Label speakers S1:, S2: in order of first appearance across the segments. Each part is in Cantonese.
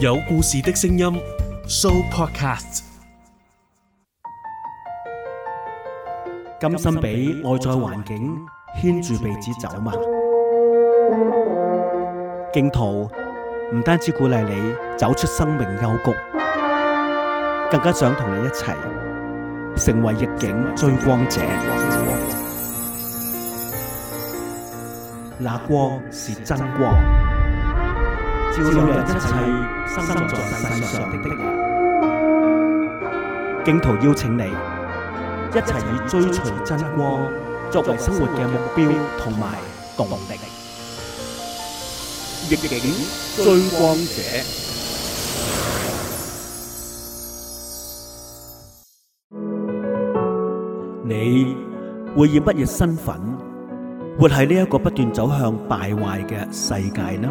S1: 有故事的聲音，So Podcast。甘心俾外在環境牽住鼻子走嗎？荊徒唔單止鼓勵你走出生命幽谷，更加想同你一齊成為逆境追光者。那光是真光。照亮一切生在世上的人，荊徒邀請你一齊以追隨真光作為生活嘅目標同埋動力。逆境追光者，你會以乜嘢身份活喺呢一個不斷走向敗壞嘅世界呢？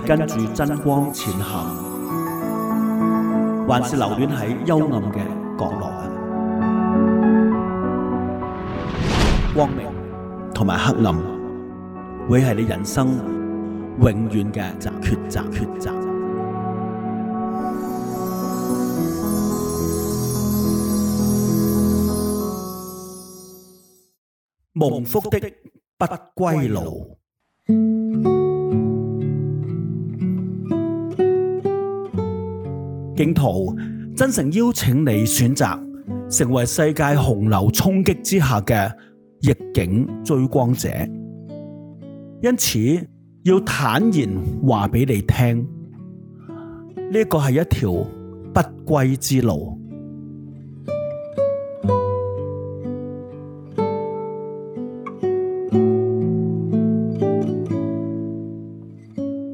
S1: 跟住真光前行，還是留戀喺幽暗嘅角落？光明同埋黑暗，會係你人生永遠嘅抉擇。抉擇。蒙福的不歸路。荊徒真誠邀請你選擇成為世界洪流衝擊之下嘅逆境追光者，因此要坦然話俾你聽，呢個係一條不歸之路。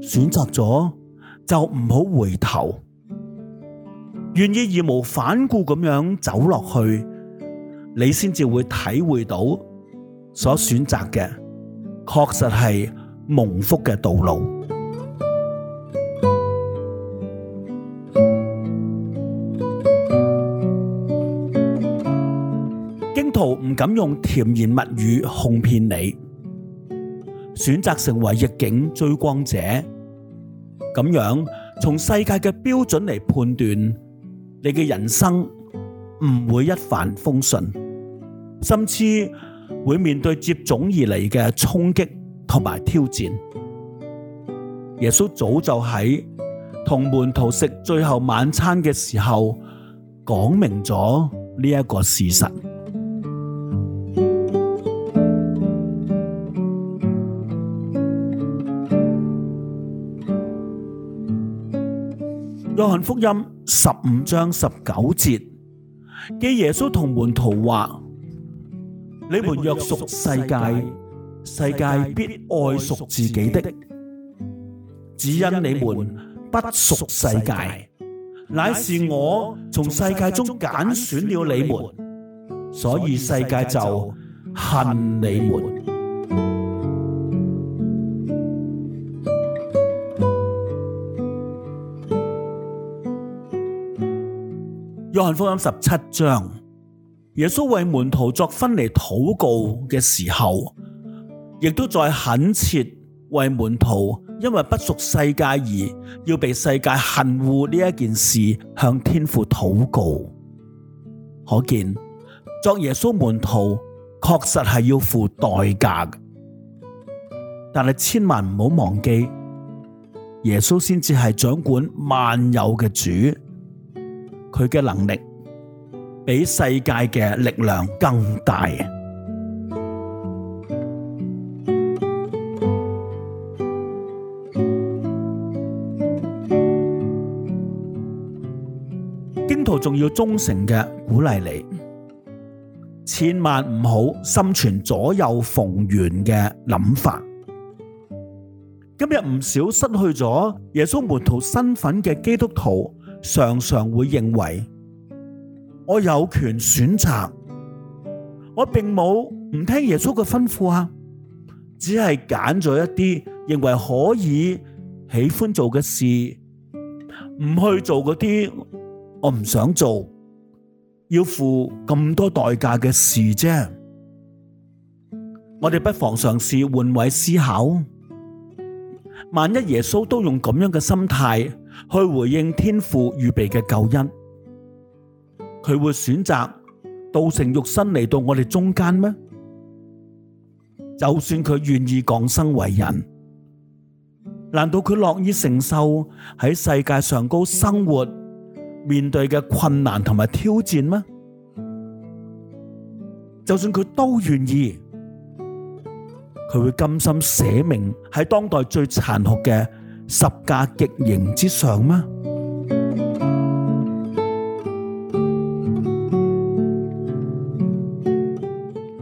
S1: 選擇咗就唔好回頭。願意義無反顧咁樣走落去，你先至會體會到所選擇嘅確實係蒙福嘅道路。荊徒唔敢用甜言蜜語哄騙你，選擇成為逆境追光者，咁樣從世界嘅標準嚟判斷。你嘅人生唔會一帆風順，甚至會面對接踵而嚟嘅衝擊同埋挑戰。耶穌早就喺同門徒食最後晚餐嘅時候講明咗呢一個事實。約翰福音十五章十九節：記耶穌同門徒話：你們若屬世界，世界必愛屬自己的；只因你們不屬世界，乃是我從世界中揀選了你們，所以世界就恨你們。約翰福音十七章，耶穌為門徒作分離禱告嘅時候，亦都在懇切為門徒因為不屬世界而要被世界恨惡呢一件事向天父禱告。可見作耶穌門徒確實係要付代價嘅，但係千萬唔好忘記，耶穌先至係掌管萬有嘅主。佢嘅能力比世界嘅力量更大。荊徒仲要忠誠嘅鼓勵你，千萬唔好心存左右逢源嘅諗法。今日唔少失去咗耶穌門徒身份嘅基督徒。常常會認為我有權選擇，我並冇唔聽耶穌嘅吩咐啊，只係揀咗一啲認為可以喜歡做嘅事，唔去做嗰啲我唔想做，要付咁多代價嘅事啫。我哋不妨嘗試換位思考，萬一耶穌都用咁樣嘅心態。去回應天父預備嘅救恩，佢會選擇道成肉身嚟到我哋中間咩？就算佢願意降生為人，難道佢樂意承受喺世界上高生活面對嘅困難同埋挑戰咩？就算佢都願意，佢會甘心捨命喺當代最殘酷嘅？十架極刑之上嗎？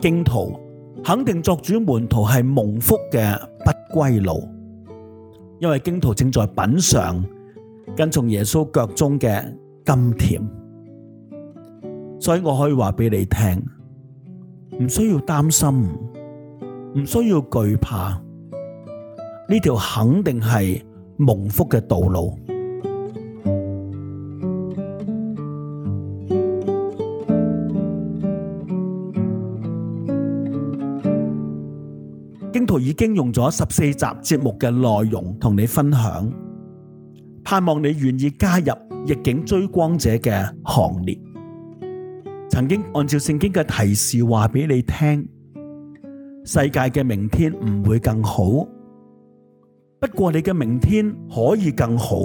S1: 荊徒肯定作主門徒係蒙福嘅不歸路，因為荊徒正在品嘗跟從耶穌腳中嘅甘甜，所以我可以話俾你聽，唔需要擔心，唔需要懼怕，呢條肯定係。蒙福嘅道路，荊徒已經用咗十四集節目嘅內容同你分享，盼望你願意加入逆境追光者嘅行列。曾經按照聖經嘅提示話俾你聽，世界嘅明天唔會更好。不過你嘅明天可以更好，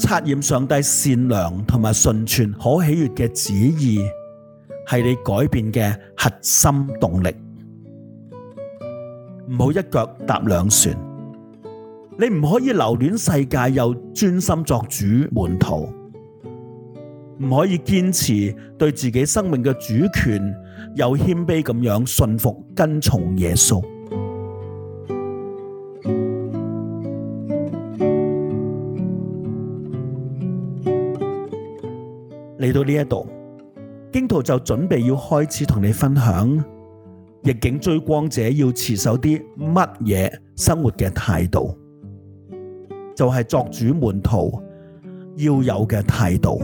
S1: 察驗上帝善良同埋純全可喜悅嘅旨意，係你改變嘅核心動力。唔好一腳踏兩船，你唔可以留戀世界又專心作主門徒，唔可以堅持對自己生命嘅主權又謙卑咁樣信服跟從耶穌。嚟到呢一度，荊徒就準備要開始同你分享逆境追光者要持守啲乜嘢生活嘅態度，就係作主門徒要有嘅態度。